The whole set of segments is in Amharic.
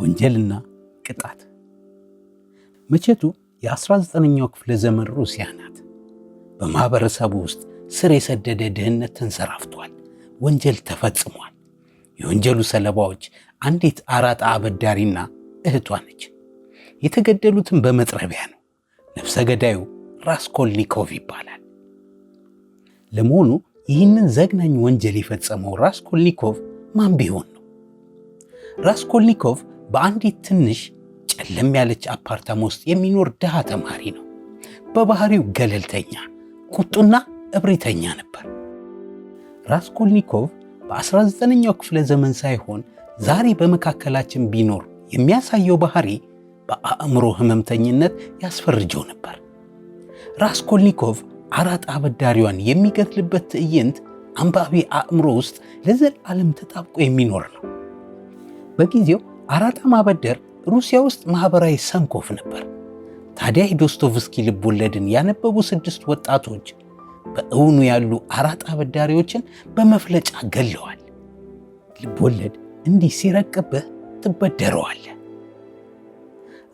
ወንጀልና ቅጣት መቼቱ የ19ኛው ክፍለ ዘመን ሩሲያ ናት። ውስጥ ስር የሰደደ ድህነት ተንሰራፍቷል። ወንጀል ተፈጽሟል። የወንጀሉ ሰለባዎች አንዲት አራጣ አበዳሪና እህቷ ነች። የተገደሉትን በመጥረቢያ ነው። ነፍሰ ገዳዩ ራስኮልኒኮቭ ይባላል። ለመሆኑ ይህንን ዘግናኝ ወንጀል የፈጸመው ራስኮልኒኮቭ ማን ቢሆን ነው? ራስኮልኒኮቭ በአንዲት ትንሽ ጨለም ያለች አፓርታማ ውስጥ የሚኖር ድሃ ተማሪ ነው። በባህሪው ገለልተኛ፣ ቁጡና እብሪተኛ ነበር። ራስኮልኒኮቭ በ19ኛው ክፍለ ዘመን ሳይሆን ዛሬ በመካከላችን ቢኖር የሚያሳየው ባህሪ በአእምሮ ህመምተኝነት ያስፈርጀው ነበር። ራስኮልኒኮቭ አራት አበዳሪዋን የሚገድልበት ትዕይንት አንባቢ አእምሮ ውስጥ ለዘላለም ተጣብቆ የሚኖር ነው። በጊዜው አራጣ ማበደር ሩሲያ ውስጥ ማኅበራዊ ሰንኮፍ ነበር። ታዲያ የዶስቶቭስኪ ልቦለድን ያነበቡ ስድስት ወጣቶች በእውኑ ያሉ አራጣ አበዳሪዎችን በመፍለጫ ገለዋል። ልቦለድ እንዲህ ሲረቅብህ ትበደረዋለህ።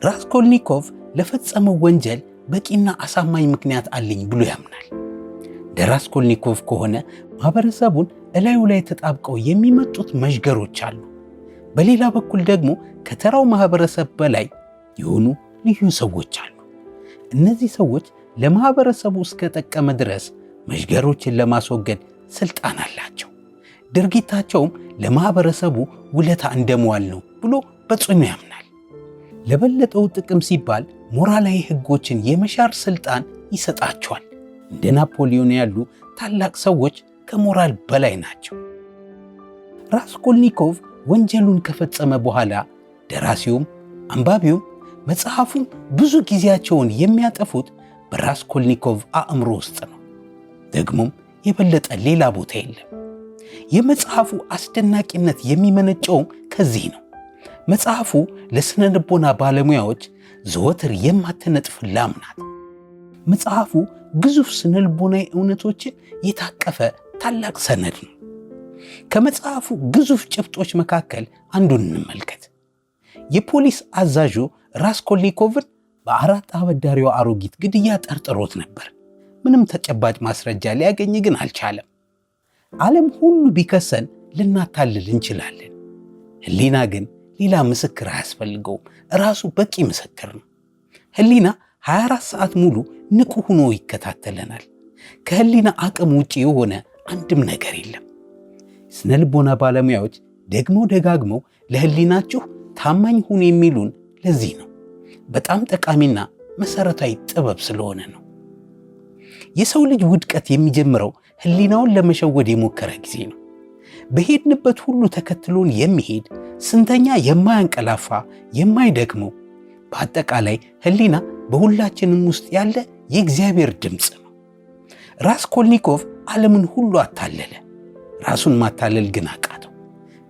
ራስኮልኒኮቭ ለፈጸመው ወንጀል በቂና አሳማኝ ምክንያት አለኝ ብሎ ያምናል። ደራስኮልኒኮቭ ከሆነ ማህበረሰቡን እላዩ ላይ ተጣብቀው የሚመጡት መዥገሮች አሉ። በሌላ በኩል ደግሞ ከተራው ማህበረሰብ በላይ የሆኑ ልዩ ሰዎች አሉ። እነዚህ ሰዎች ለማህበረሰቡ እስከጠቀመ ድረስ መዥገሮችን ለማስወገድ ስልጣን አላቸው። ድርጊታቸውም ለማህበረሰቡ ውለታ እንደመዋል ነው ብሎ በጽኑ ያምናል። ለበለጠው ጥቅም ሲባል ሞራላዊ ሕጎችን የመሻር ስልጣን ይሰጣቸዋል። እንደ ናፖሊዮን ያሉ ታላቅ ሰዎች ከሞራል በላይ ናቸው። ራስኮልኒኮቭ ወንጀሉን ከፈጸመ በኋላ ደራሲውም አንባቢውም መጽሐፉን ብዙ ጊዜያቸውን የሚያጠፉት በራስኮልኒኮቭ አእምሮ ውስጥ ነው። ደግሞም የበለጠ ሌላ ቦታ የለም። የመጽሐፉ አስደናቂነት የሚመነጨውም ከዚህ ነው። መጽሐፉ ለሥነ ልቦና ባለሙያዎች ዘወትር የማትነጥፍ ላም ናት። መጽሐፉ ግዙፍ ስነ ልቦናዊ እውነቶችን የታቀፈ ታላቅ ሰነድ ነው። ከመጽሐፉ ግዙፍ ጭብጦች መካከል አንዱን እንመልከት። የፖሊስ አዛዡ ራስኮሊኮቭን በአራት አበዳሪዋ አሮጊት ግድያ ጠርጥሮት ነበር። ምንም ተጨባጭ ማስረጃ ሊያገኝ ግን አልቻለም። ዓለም ሁሉ ቢከሰን ልናታልል እንችላለን። ህሊና ግን ሌላ ምስክር አያስፈልገውም። ራሱ በቂ ምስክር ነው። ህሊና 24 ሰዓት ሙሉ ንቁ ሆኖ ይከታተለናል። ከህሊና አቅም ውጭ የሆነ አንድም ነገር የለም። ስነ ልቦና ባለሙያዎች ደግሞ ደጋግመው ለህሊናችሁ ታማኝ ሁኑ የሚሉን ለዚህ ነው። በጣም ጠቃሚና መሰረታዊ ጥበብ ስለሆነ ነው። የሰው ልጅ ውድቀት የሚጀምረው ህሊናውን ለመሸወድ የሞከረ ጊዜ ነው። በሄድንበት ሁሉ ተከትሎን የሚሄድ ስንተኛ የማያንቀላፋ የማይደክመው በአጠቃላይ ህሊና በሁላችንም ውስጥ ያለ የእግዚአብሔር ድምፅ ነው። ራስኮልኒኮቭ ዓለምን ሁሉ አታለለ። ራሱን ማታለል ግን አቃተው።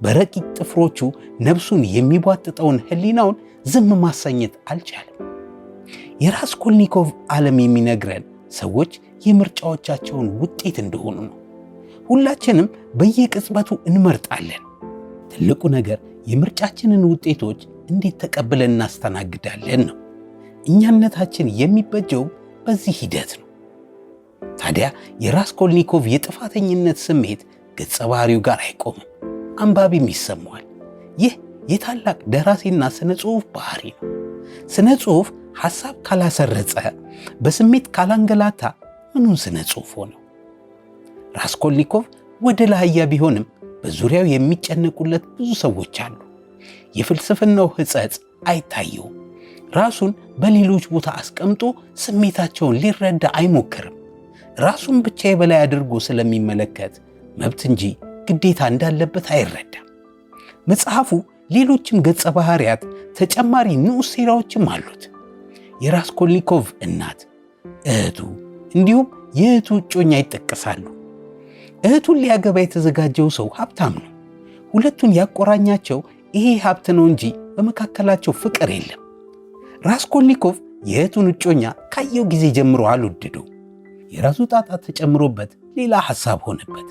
በረቂቅ ጥፍሮቹ ነፍሱን የሚቧጥጠውን ህሊናውን ዝም ማሰኘት አልቻለም። የራስኮልኒኮቭ ዓለም የሚነግረን ሰዎች የምርጫዎቻቸውን ውጤት እንደሆኑ ነው። ሁላችንም በየቅጽበቱ እንመርጣለን። ትልቁ ነገር የምርጫችንን ውጤቶች እንዴት ተቀብለን እናስተናግዳለን ነው። እኛነታችን የሚበጀው በዚህ ሂደት ነው። ታዲያ የራስኮልኒኮቭ የጥፋተኝነት ስሜት ገጸ ባህሪው ጋር አይቆምም፣ አንባቢም ይሰማዋል። ይህ የታላቅ ደራሲና ስነ ጽሑፍ ባህሪ ነው። ስነ ጽሑፍ ሐሳብ ካላሰረጸ፣ በስሜት ካላንገላታ ምኑን ስነ ጽሑፍ ሆነው? ራስኮልኒኮቭ ወደ ላህያ ቢሆንም በዙሪያው የሚጨነቁለት ብዙ ሰዎች አሉ። የፍልስፍናው ሕጸጽ አይታየውም። ራሱን በሌሎች ቦታ አስቀምጦ ስሜታቸውን ሊረዳ አይሞክርም። ራሱን ብቻ የበላይ አድርጎ ስለሚመለከት መብት እንጂ ግዴታ እንዳለበት አይረዳም። መጽሐፉ ሌሎችም ገጸ ባህርያት ተጨማሪ ንዑስ ሴራዎችም አሉት። የራስኮልኒኮቭ እናት፣ እህቱ እንዲሁም የእህቱ እጮኛ ይጠቀሳሉ። እህቱን ሊያገባ የተዘጋጀው ሰው ሀብታም ነው። ሁለቱን ያቆራኛቸው ይሄ ሀብት ነው እንጂ በመካከላቸው ፍቅር የለም። ራስኮልኒኮቭ የእህቱን እጮኛ ካየው ጊዜ ጀምሮ አልወደደው። የራሱ ጣጣ ተጨምሮበት ሌላ ሐሳብ ሆነበት።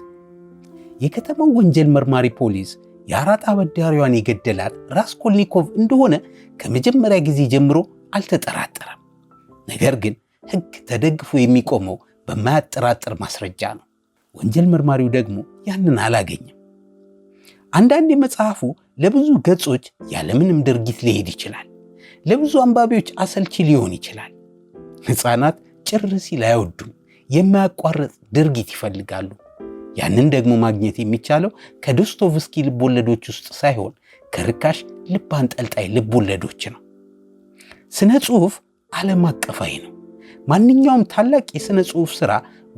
የከተማው ወንጀል መርማሪ ፖሊስ የአራጣ አበዳሪዋን የገደላት ራስኮልኒኮቭ እንደሆነ ከመጀመሪያ ጊዜ ጀምሮ አልተጠራጠረም። ነገር ግን ሕግ ተደግፎ የሚቆመው በማያጠራጥር ማስረጃ ነው። ወንጀል መርማሪው ደግሞ ያንን አላገኘም። አንዳንዴ መጽሐፉ ለብዙ ገጾች ያለምንም ድርጊት ሊሄድ ይችላል። ለብዙ አንባቢዎች አሰልቺ ሊሆን ይችላል። ሕፃናት ጭር ሲል አይወዱም። የማያቋርጥ ድርጊት ይፈልጋሉ። ያንን ደግሞ ማግኘት የሚቻለው ከዶስቶቭስኪ ወለዶች ውስጥ ሳይሆን ከርካሽ ልብ አንጠልጣይ ወለዶች ነው። ስነ ጽሑፍ ዓለም አቀፋዊ ነው። ማንኛውም ታላቅ የሥነ ጽሑፍ ሥራ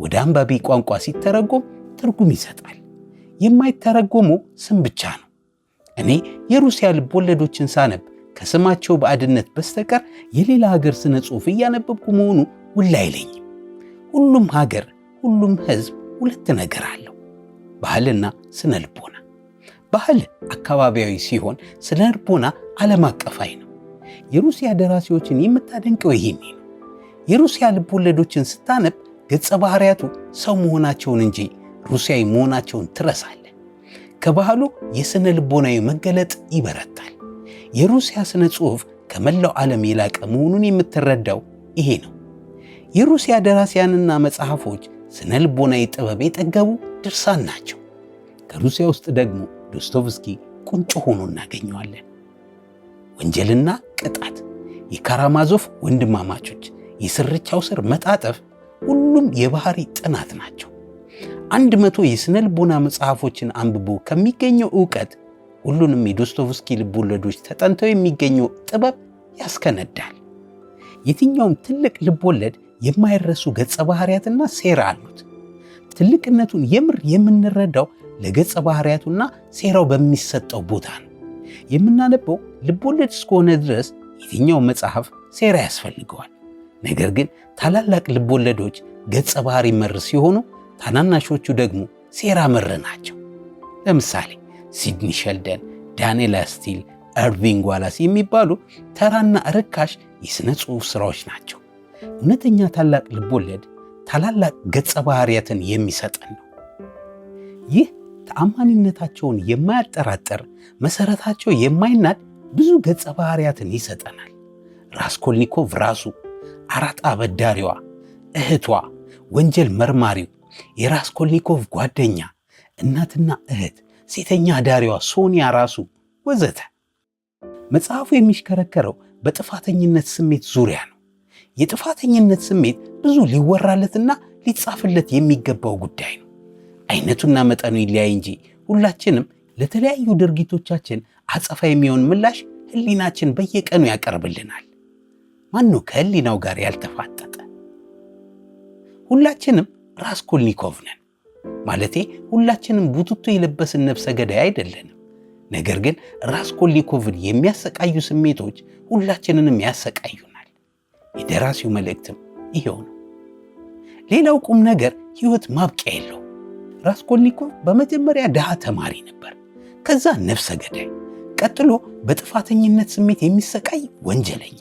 ወደ አንባቢ ቋንቋ ሲተረጎም ትርጉም ይሰጣል። የማይተረጎሙ ስም ብቻ ነው። እኔ የሩሲያ ወለዶችን ሳነብ ከስማቸው ባዕድነት በስተቀር የሌላ ሀገር ሥነ ጽሑፍ እያነበብኩ መሆኑ ውላ አይለኝም። ሁሉም ሀገር፣ ሁሉም ሕዝብ ሁለት ነገር አለው፣ ባህልና ስነ ልቦና። ባህል አካባቢያዊ ሲሆን፣ ስነ ልቦና ዓለም አቀፋዊ ነው። የሩሲያ ደራሲዎችን የምታደንቀው ይሄኔ ነው። የሩሲያ ልቦለዶችን ስታነብ ገጸ ባህሪያቱ ሰው መሆናቸውን እንጂ ሩሲያዊ መሆናቸውን ትረሳለ። ከባህሉ የስነ ልቦናዊ መገለጥ ይበረታል። የሩሲያ ስነ ጽሑፍ ከመላው ዓለም የላቀ መሆኑን የምትረዳው ይሄ ነው። የሩሲያ ደራሲያንና መጽሐፎች ስነ ልቦናዊ ጥበብ የጠገቡ ድርሳን ናቸው። ከሩሲያ ውስጥ ደግሞ ዶስቶቭስኪ ቁንጮ ሆኖ እናገኘዋለን። ወንጀልና ቅጣት፣ የካራማዞፍ ወንድማማቾች፣ የስርቻው ስር መጣጠፍ ሁሉም የባህሪ ጥናት ናቸው። አንድ መቶ የስነ ልቦና መጽሐፎችን አንብቦ ከሚገኘው እውቀት ሁሉንም የዶስቶቭስኪ ልቦለዶች ተጠንተው የሚገኘው ጥበብ ያስከነዳል። የትኛውም ትልቅ ልቦለድ የማይረሱ ገጸ ባህሪያትና ሴራ አሉት። ትልቅነቱን የምር የምንረዳው ለገጸ ባህሪያቱና ሴራው በሚሰጠው ቦታ ነው። የምናነበው ልቦለድ እስከሆነ ድረስ የትኛው መጽሐፍ ሴራ ያስፈልገዋል። ነገር ግን ታላላቅ ልቦለዶች ገጸ ባህሪ መር ሲሆኑ፣ ታናናሾቹ ደግሞ ሴራ መር ናቸው። ለምሳሌ ሲድኒ ሸልደን፣ ዳንኤል አስቲል፣ እርቪንግ ዋላስ የሚባሉ ተራና ርካሽ የሥነ ጽሑፍ ሥራዎች ናቸው። እውነተኛ ታላቅ ልቦለድ ታላላቅ ገጸ ባህሪያትን የሚሰጠን ነው። ይህ ተአማኒነታቸውን የማያጠራጥር መሰረታቸው የማይናድ ብዙ ገጸ ባህሪያትን ይሰጠናል። ራስኮልኒኮቭ ራሱ፣ አራጣ አበዳሪዋ፣ እህቷ፣ ወንጀል መርማሪው፣ የራስኮልኒኮቭ ጓደኛ፣ እናትና እህት፣ ሴተኛ አዳሪዋ ሶኒያ ራሱ ወዘተ። መጽሐፉ የሚሽከረከረው በጥፋተኝነት ስሜት ዙሪያ ነው። የጥፋተኝነት ስሜት ብዙ ሊወራለትና ሊጻፍለት የሚገባው ጉዳይ ነው። አይነቱና መጠኑ ይለያይ እንጂ ሁላችንም ለተለያዩ ድርጊቶቻችን አጸፋ የሚሆን ምላሽ ህሊናችን በየቀኑ ያቀርብልናል። ማን ነው ከህሊናው ጋር ያልተፋጠጠ? ሁላችንም ራስኮልኒኮቭ ነን። ማለቴ ሁላችንም ቡትቶ የለበስን ነፍሰ ገዳይ አይደለንም። ነገር ግን ራስኮልኒኮቭን የሚያሰቃዩ ስሜቶች ሁላችንንም ያሰቃዩን። የደራሲው መልእክትም ይሄው ነው። ሌላው ቁም ነገር ሕይወት ማብቂያ የለው። ራስኮልኒኮቭ በመጀመሪያ ድሃ ተማሪ ነበር፣ ከዛ ነፍሰ ገዳይ፣ ቀጥሎ በጥፋተኝነት ስሜት የሚሰቃይ ወንጀለኛ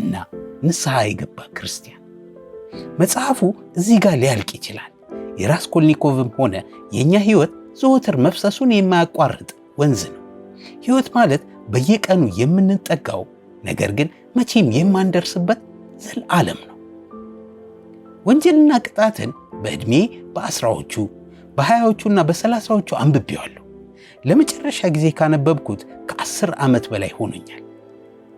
እና ንስሐ የገባ ክርስቲያን። መጽሐፉ እዚህ ጋር ሊያልቅ ይችላል። የራስኮልኒኮቭም ሆነ የእኛ ሕይወት ዘወትር መፍሰሱን የማያቋርጥ ወንዝ ነው። ሕይወት ማለት በየቀኑ የምንጠጋው ነገር ግን መቼም የማንደርስበት ዘላለም ነው። ወንጀልና ቅጣትን በዕድሜ በአስራዎቹ በሀያዎቹና በሰላሳዎቹ አንብቤዋለሁ። ለመጨረሻ ጊዜ ካነበብኩት ከአስር ዓመት በላይ ሆኖኛል።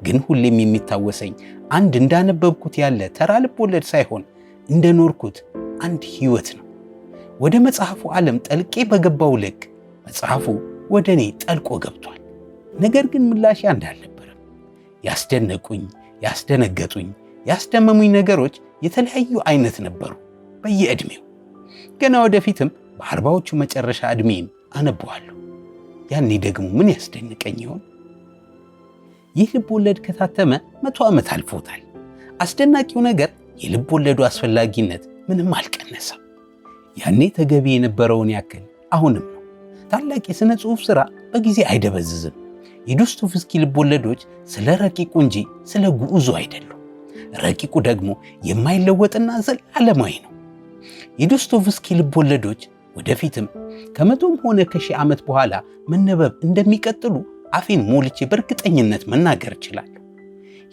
ግን ሁሌም የሚታወሰኝ አንድ እንዳነበብኩት ያለ ተራ ወለድ ሳይሆን እንደኖርኩት አንድ ሕይወት ነው። ወደ መጽሐፉ ዓለም ጠልቄ በገባው ልክ መጽሐፉ ወደ እኔ ጠልቆ ገብቷል። ነገር ግን ምላሽ አንድ አልነበረም። ያስደነቁኝ፣ ያስደነገጡኝ ያስደመሙኝ ነገሮች የተለያዩ አይነት ነበሩ በየዕድሜው። ገና ወደፊትም በአርባዎቹ መጨረሻ ዕድሜም አነበዋለሁ። ያኔ ደግሞ ምን ያስደንቀኝ ይሆን? ይህ ልብ ወለድ ከታተመ መቶ ዓመት አልፎታል። አስደናቂው ነገር የልብ ወለዱ አስፈላጊነት ምንም አልቀነሰም። ያኔ ተገቢ የነበረውን ያክል አሁንም ነው። ታላቅ የሥነ ጽሑፍ ሥራ በጊዜ አይደበዝዝም። የዶስቶቭስኪ ልብ ወለዶች ስለ ረቂቁ እንጂ ስለ ጉዑዙ አይደሉም። ረቂቁ ደግሞ የማይለወጥና ዘላለማዊ ነው። የዶስቶቭስኪ ወለዶች ወደፊትም ከመቶም ሆነ ከሺህ ዓመት በኋላ መነበብ እንደሚቀጥሉ አፌን ሞልቼ በእርግጠኝነት መናገር እችላለሁ።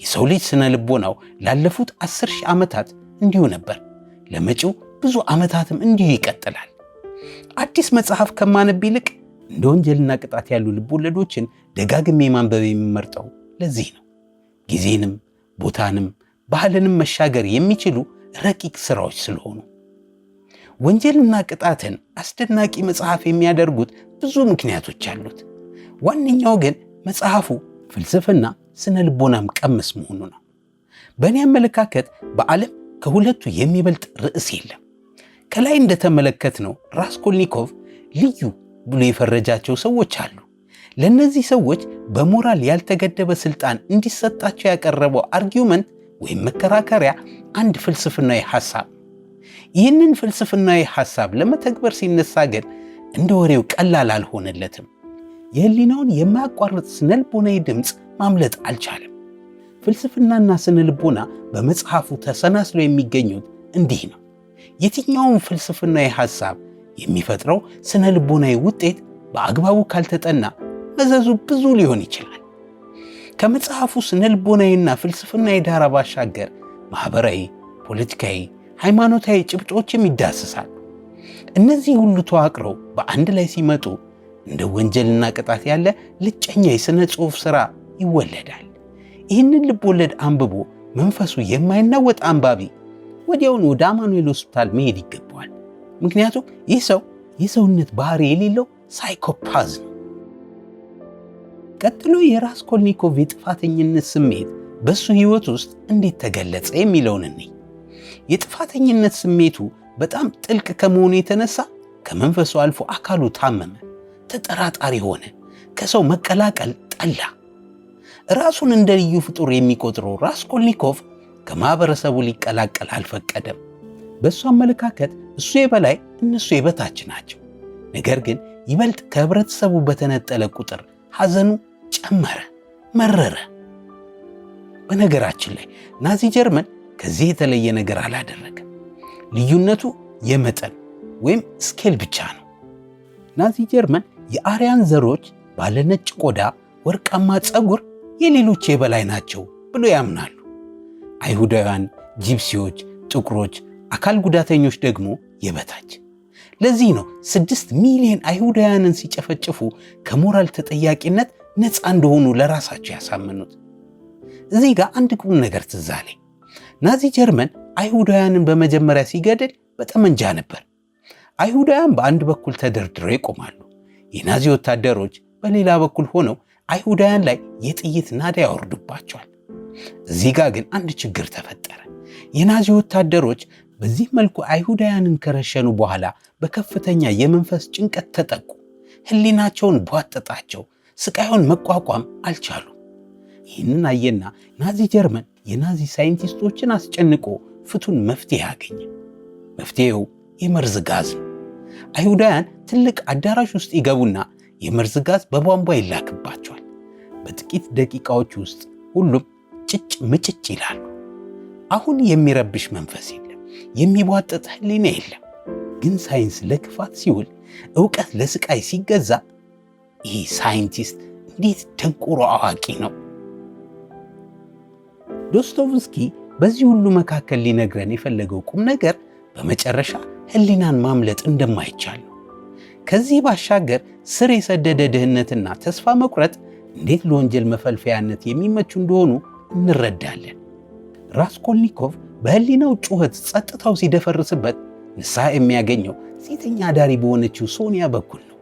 የሰው ልጅ ስነ ልቦናው ላለፉት አስር ሺህ ዓመታት እንዲሁ ነበር፣ ለመጪው ብዙ ዓመታትም እንዲሁ ይቀጥላል። አዲስ መጽሐፍ ከማነብ ይልቅ እንደ ወንጀልና ቅጣት ያሉ ወለዶችን ደጋግሜ ማንበብ የሚመርጠው ለዚህ ነው። ጊዜንም ቦታንም ባህልንም መሻገር የሚችሉ ረቂቅ ሥራዎች ስለሆኑ ወንጀልና ቅጣትን አስደናቂ መጽሐፍ የሚያደርጉት ብዙ ምክንያቶች አሉት። ዋነኛው ግን መጽሐፉ ፍልስፍና፣ ስነ ልቦናም ቀመስ መሆኑ ነው። በእኔ አመለካከት በዓለም ከሁለቱ የሚበልጥ ርዕስ የለም። ከላይ እንደተመለከትነው ራስኮልኒኮቭ ልዩ ብሎ የፈረጃቸው ሰዎች አሉ። ለእነዚህ ሰዎች በሞራል ያልተገደበ ሥልጣን እንዲሰጣቸው ያቀረበው አርጊመንት ወይም መከራከሪያ አንድ ፍልስፍናዊ ሐሳብ። ይህንን ፍልስፍናዊ ሐሳብ ለመተግበር ሲነሳ ግን እንደ ወሬው ቀላል አልሆነለትም። የህሊናውን የማያቋርጥ ስነልቦናዊ ድምፅ ማምለጥ አልቻለም። ፍልስፍናና ስነልቦና በመጽሐፉ ተሰናስለው የሚገኙት እንዲህ ነው። የትኛውም ፍልስፍናዊ ሐሳብ የሚፈጥረው ስነልቦናዊ ውጤት በአግባቡ ካልተጠና መዘዙ ብዙ ሊሆን ይችላል። ከመጽሐፉ ስነ ልቦናዊና ፍልስፍናዊ ዳራ ባሻገር ማኅበራዊ፣ ፖለቲካዊ፣ ሃይማኖታዊ ጭብጦችም ይዳስሳል። እነዚህ ሁሉ ተዋቅረው በአንድ ላይ ሲመጡ እንደ ወንጀልና ቅጣት ያለ ልጨኛ የሥነ ጽሑፍ ሥራ ይወለዳል። ይህንን ልብወለድ አንብቦ መንፈሱ የማይናወጥ አንባቢ ወዲያውን ወደ አማኑኤል ሆስፒታል መሄድ ይገባዋል። ምክንያቱም ይህ ሰው የሰውነት ባህሪ የሌለው ሳይኮፓዝ ነው። ቀጥሎ የራስኮልኒኮቭ የጥፋተኝነት ስሜት በሱ ሕይወት ውስጥ እንዴት ተገለጸ የሚለውን እኔ የጥፋተኝነት ስሜቱ በጣም ጥልቅ ከመሆኑ የተነሳ ከመንፈሱ አልፎ አካሉ ታመመ፣ ተጠራጣሪ ሆነ፣ ከሰው መቀላቀል ጠላ። ራሱን እንደ ልዩ ፍጡር የሚቆጥረው ራስኮልኒኮቭ ከማኅበረሰቡ ሊቀላቀል አልፈቀደም። በእሱ አመለካከት እሱ የበላይ እነሱ የበታች ናቸው። ነገር ግን ይበልጥ ከህብረተሰቡ በተነጠለ ቁጥር ሐዘኑ ጨመረ፣ መረረ። በነገራችን ላይ ናዚ ጀርመን ከዚህ የተለየ ነገር አላደረገም። ልዩነቱ የመጠን ወይም ስኬል ብቻ ነው። ናዚ ጀርመን የአርያን ዘሮች ባለነጭ ቆዳ፣ ወርቃማ ፀጉር የሌሎች የበላይ ናቸው ብሎ ያምናሉ። አይሁዳውያን፣ ጂፕሲዎች፣ ጥቁሮች፣ አካል ጉዳተኞች ደግሞ የበታች። ለዚህ ነው ስድስት ሚሊዮን አይሁዳውያንን ሲጨፈጭፉ ከሞራል ተጠያቂነት ነፃ እንደሆኑ ለራሳቸው ያሳመኑት። እዚህ ጋር አንድ ቁም ነገር ትዝ አለኝ። ናዚ ጀርመን አይሁዳውያንን በመጀመሪያ ሲገድል በጠመንጃ ነበር። አይሁዳውያን በአንድ በኩል ተደርድረው ይቆማሉ። የናዚ ወታደሮች በሌላ በኩል ሆነው አይሁዳውያን ላይ የጥይት ናዳ ያወርዱባቸዋል። እዚህ ጋር ግን አንድ ችግር ተፈጠረ። የናዚ ወታደሮች በዚህ መልኩ አይሁዳውያንን ከረሸኑ በኋላ በከፍተኛ የመንፈስ ጭንቀት ተጠቁ። ሕሊናቸውን ቧጠጣቸው፣ ስቃዩን መቋቋም አልቻሉም። ይህንን አየና ናዚ ጀርመን የናዚ ሳይንቲስቶችን አስጨንቆ ፍቱን መፍትሄ አገኘ። መፍትሄው የመርዝ ጋዝ ነው። አይሁዳውያን ትልቅ አዳራሽ ውስጥ ይገቡና የመርዝ ጋዝ በቧንቧ ይላክባቸዋል። በጥቂት ደቂቃዎች ውስጥ ሁሉም ጭጭ ምጭጭ ይላሉ። አሁን የሚረብሽ መንፈስ የለም፣ የሚቧጠጥ ህሊና የለም። ግን ሳይንስ ለክፋት ሲውል፣ እውቀት ለስቃይ ሲገዛ ይህ ሳይንቲስት እንዴት ደንቆሮ አዋቂ ነው! ዶስቶቭስኪ በዚህ ሁሉ መካከል ሊነግረን የፈለገው ቁም ነገር በመጨረሻ ህሊናን ማምለጥ እንደማይቻል ነው። ከዚህ ባሻገር ስር የሰደደ ድህነትና ተስፋ መቁረጥ እንዴት ለወንጀል መፈልፈያነት የሚመቹ እንደሆኑ እንረዳለን። ራስኮልኒኮቭ በህሊናው ጩኸት ጸጥታው ሲደፈርስበት ንስሐ የሚያገኘው ሴተኛ አዳሪ በሆነችው ሶኒያ በኩል ነው።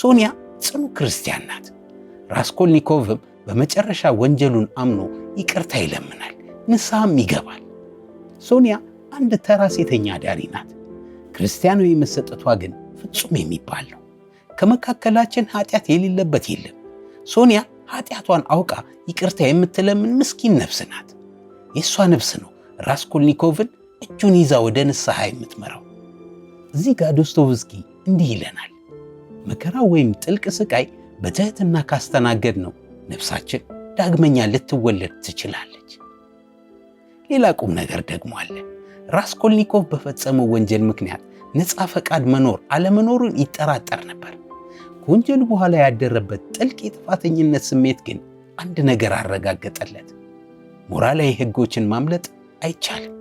ሶኒያ ጽኑ ክርስቲያን ናት። ራስኮልኒኮቭም በመጨረሻ ወንጀሉን አምኖ ይቅርታ ይለምናል፣ ንስሐም ይገባል። ሶኒያ አንድ ተራ ሴተኛ አዳሪ ናት። ክርስቲያናዊ መሰጠቷ ግን ፍጹም የሚባል ነው። ከመካከላችን ኃጢአት የሌለበት የለም። ሶኒያ ኃጢአቷን አውቃ ይቅርታ የምትለምን ምስኪን ነፍስ ናት። የእሷ ነፍስ ነው ራስኮልኒኮቭን እጁን ይዛ ወደ ንስሐ የምትመራው። እዚህ ጋር ዶስቶቭስኪ እንዲህ ይለናል መከራ ወይም ጥልቅ ስቃይ በትህትና ካስተናገድ ነው ነፍሳችን ዳግመኛ ልትወለድ ትችላለች። ሌላ ቁም ነገር ደግሞ አለ። ራስኮልኒኮቭ በፈጸመው ወንጀል ምክንያት ነፃ ፈቃድ መኖር አለመኖሩን ይጠራጠር ነበር። ከወንጀሉ በኋላ ያደረበት ጥልቅ የጥፋተኝነት ስሜት ግን አንድ ነገር አረጋገጠለት። ሞራላዊ ሕጎችን ማምለጥ አይቻልም።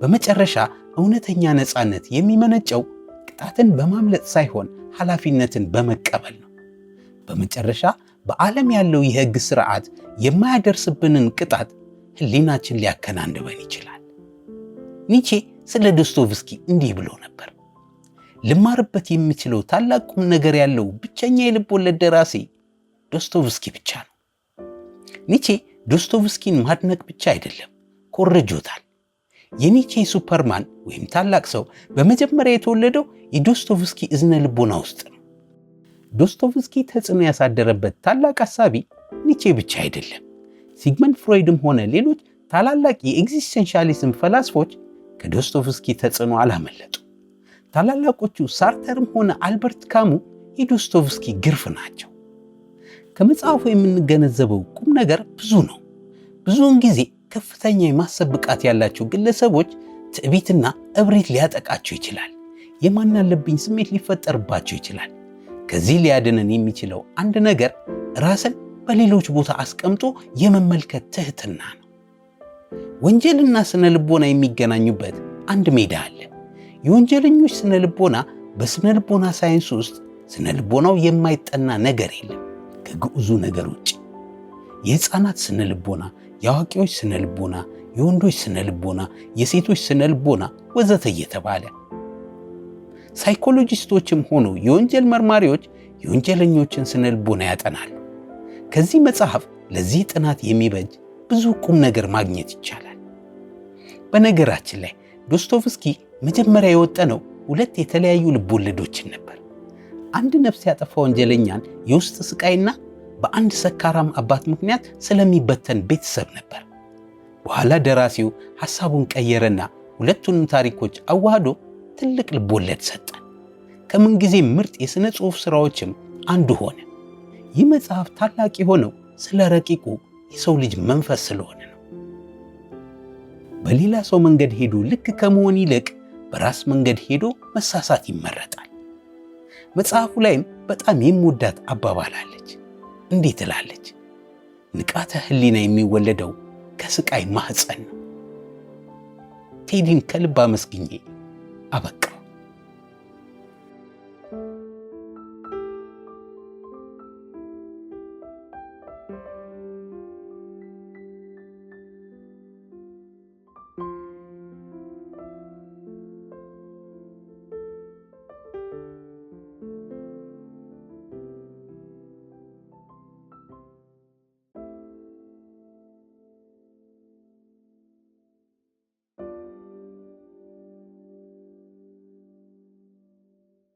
በመጨረሻ እውነተኛ ነፃነት የሚመነጨው ቅጣትን በማምለጥ ሳይሆን ኃላፊነትን በመቀበል ነው። በመጨረሻ በዓለም ያለው የሕግ ስርዓት የማያደርስብንን ቅጣት ህሊናችን ሊያከናንበን ይችላል። ኒቼ ስለ ዶስቶቭስኪ እንዲህ ብሎ ነበር። ልማርበት የምችለው ታላቅ ቁም ነገር ያለው ብቸኛ የልብ ወለድ ደራሲ ዶስቶቭስኪ ብቻ ነው። ኒቼ ዶስቶቭስኪን ማድነቅ ብቻ አይደለም፣ ኮርጆታል። የኒቼ ሱፐርማን ወይም ታላቅ ሰው በመጀመሪያ የተወለደው የዶስቶቭስኪ እዝነ ልቦና ውስጥ ነው። ዶስቶቭስኪ ተጽዕኖ ያሳደረበት ታላቅ አሳቢ ኒቼ ብቻ አይደለም። ሲግመንድ ፍሮይድም ሆነ ሌሎች ታላላቅ የኤግዚስቴንሻሊዝም ፈላስፎች ከዶስቶቭስኪ ተጽዕኖ አላመለጡ። ታላላቆቹ ሳርተርም ሆነ አልበርት ካሙ የዶስቶቭስኪ ግርፍ ናቸው። ከመጽሐፉ የምንገነዘበው ቁም ነገር ብዙ ነው። ብዙውን ጊዜ ከፍተኛ የማሰብ ብቃት ያላቸው ግለሰቦች ትዕቢትና እብሪት ሊያጠቃቸው ይችላል። የማናለብኝ ስሜት ሊፈጠርባቸው ይችላል። ከዚህ ሊያድነን የሚችለው አንድ ነገር ራስን በሌሎች ቦታ አስቀምጦ የመመልከት ትህትና ነው። ወንጀልና ስነ ልቦና የሚገናኙበት አንድ ሜዳ አለ። የወንጀለኞች ስነ ልቦና በስነ ልቦና ሳይንስ ውስጥ ስነ ልቦናው የማይጠና ነገር የለም ከግዑዙ ነገር ውጭ የሕፃናት ስነ ልቦና የአዋቂዎች ስነ ልቦና፣ የወንዶች ስነ ልቦና፣ የሴቶች ስነ ልቦና ወዘተ እየተባለ ሳይኮሎጂስቶችም ሆኑ የወንጀል መርማሪዎች የወንጀለኞችን ስነ ልቦና ያጠናሉ። ከዚህ መጽሐፍ ለዚህ ጥናት የሚበጅ ብዙ ቁም ነገር ማግኘት ይቻላል። በነገራችን ላይ ዶስቶቭስኪ መጀመሪያ የወጠነው ሁለት የተለያዩ ልቦለዶችን ነበር። አንድ ነፍስ ያጠፋ ወንጀለኛን የውስጥ ስቃይና በአንድ ሰካራም አባት ምክንያት ስለሚበተን ቤተሰብ ነበር። በኋላ ደራሲው ሐሳቡን ቀየረና ሁለቱንም ታሪኮች አዋህዶ ትልቅ ልቦለድ ሰጠ። ከምንጊዜ ምርጥ የሥነ ጽሑፍ ሥራዎችም አንዱ ሆነ። ይህ መጽሐፍ ታላቅ የሆነው ስለ ረቂቁ የሰው ልጅ መንፈስ ስለሆነ ነው። በሌላ ሰው መንገድ ሄዶ ልክ ከመሆን ይልቅ በራስ መንገድ ሄዶ መሳሳት ይመረጣል። መጽሐፉ ላይም በጣም የምወዳት አባባል አለች። እንዲህ ትላለች፣ ንቃተ ህሊና የሚወለደው ከስቃይ ማህፀን ነው። ቴዲን ከልብ አመስግኜ አበቃ።